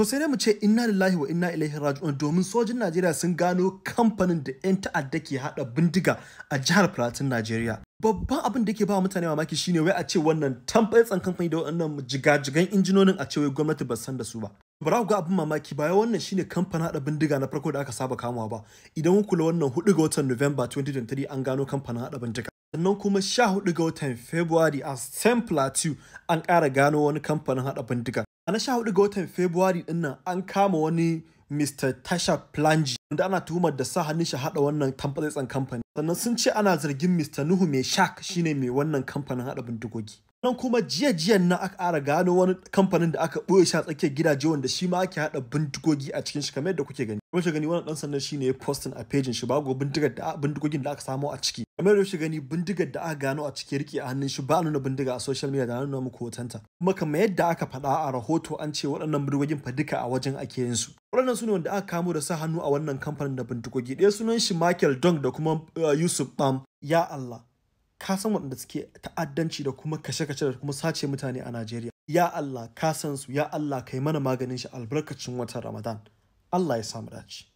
to sai mu ce inna lillahi wa inna ilaihi raji'un domin sojin Najeriya sun gano kamfanin da 'yan ta'adda ke hada bindiga a jihar Plateau Najeriya babban abin da ke ba mutane mamaki shine wai a ce wannan tambayatsan kamfani da waɗannan jigajigan injinonin a ce wai gwamnati ba san da su ba bara ga abin mamaki baya wannan shine kamfanin hada bindiga na farko da aka saba kamawa ba idan ku kula wannan 4 ga watan November 2023 an gano kamfanin hada bindiga sannan kuma 14 ga watan February a saint Plateau an ƙara gano wani kamfanin hada bindiga a na sha hudu ga watan Februari dinnan an kama wani Mr. Tasha Planji wanda ana tuhumar da sa hannun shi haɗa wannan tamfatsatsen kamfani. sannan sun ce ana zargin Mr. Nuhu mai shak shine mai wannan kamfanin hada bindigogi. Nan kuma jiya jiyan na aka ara gano wani kamfanin da aka ɓoye shi a tsakiyar gidaje wanda shi ma ake haɗa bindigogi a cikin shi kamar yadda kuke gani. Kuma shi gani wannan ɗan shi shine ya postin a pejin shi bago bindigar da bindigogin da aka samo a ciki. Kamar yadda shi gani bindigar da aka gano a ciki rike a hannun shi ba nuna bindiga a social media da nuna muku hotonta. Kuma kamar yadda aka faɗa a rahoto an ce waɗannan bindigogin fa duka a wajen ake yin su. Waɗannan su ne wanda aka kamo da sa hannu a wannan kamfanin da bindigogi. Ɗaya sunan shi Michael Dong da kuma Uh, Yusuf Bam ya Allah ka san waɗanda suke ta'addanci da kuma kashe-kashe da kuma sace mutane a Najeriya ya Allah ka san su ya Allah kai mana maganin shi albarkacin watan Ramadan Allah ya samu dace